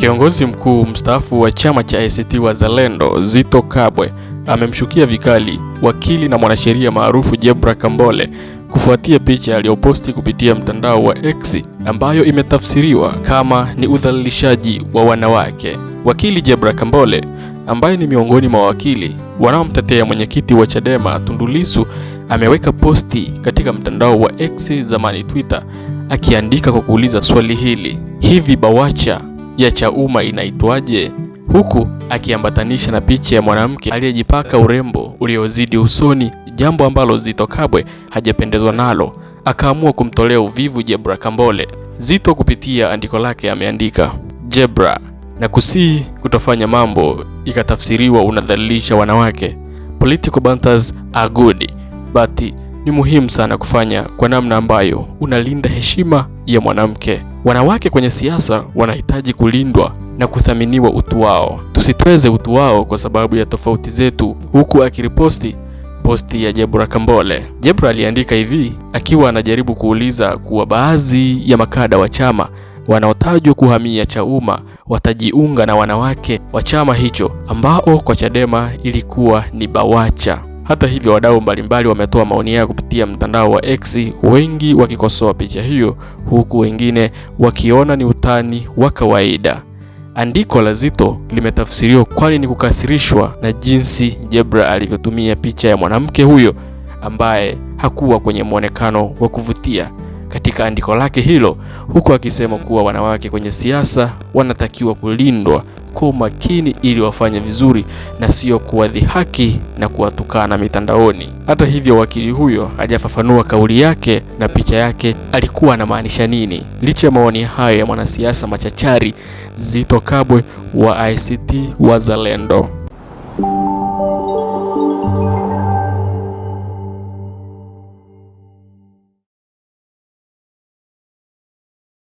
Kiongozi mkuu mstaafu wa chama cha ACT Wazalendo Zitto Kabwe amemshukia vikali wakili na mwanasheria maarufu Jebra Kambole kufuatia picha aliyoposti kupitia mtandao wa X ambayo imetafsiriwa kama ni udhalilishaji wa wanawake. Wakili Jebra Kambole ambaye ni miongoni mwa wakili wanaomtetea mwenyekiti wa Chadema Tundu Lissu ameweka posti katika mtandao wa X zamani Twitter akiandika kwa kuuliza swali hili: hivi BAWACHA ya Chauma inaitwaje, huku akiambatanisha na picha ya mwanamke aliyejipaka urembo uliozidi usoni, jambo ambalo Zito Kabwe hajapendezwa nalo, akaamua kumtolea uvivu Jebra Kambole. Zito kupitia andiko lake ameandika Jebra na kusii kutofanya mambo ikatafsiriwa unadhalilisha wanawake. Political banters are good but ni muhimu sana kufanya kwa namna ambayo unalinda heshima ya mwanamke. Wanawake kwenye siasa wanahitaji kulindwa na kuthaminiwa utu wao. Tusitweze utu wao kwa sababu ya tofauti zetu, huku akiriposti posti ya Jebra Kambole. Jebra aliandika hivi akiwa anajaribu kuuliza kuwa baadhi ya makada wa chama wanaotajwa kuhamia Chauma watajiunga na wanawake wa chama hicho ambao kwa Chadema ilikuwa ni Bawacha. Hata hivyo, wadau mbalimbali wametoa maoni yao kupitia mtandao wa X, wengi wakikosoa picha hiyo, huku wengine wakiona ni utani wa kawaida. Andiko la Zitto limetafsiriwa kwani ni kukasirishwa na jinsi Jebra alivyotumia picha ya mwanamke huyo ambaye hakuwa kwenye mwonekano wa kuvutia katika andiko lake hilo, huku akisema kuwa wanawake kwenye siasa wanatakiwa kulindwa kwa umakini ili wafanye vizuri na sio kuwadhihaki na kuwatukana mitandaoni. Hata hivyo, wakili huyo hajafafanua kauli yake na picha yake alikuwa anamaanisha nini. Licha ya maoni hayo ya mwanasiasa machachari Zitto Kabwe wa ACT Wazalendo.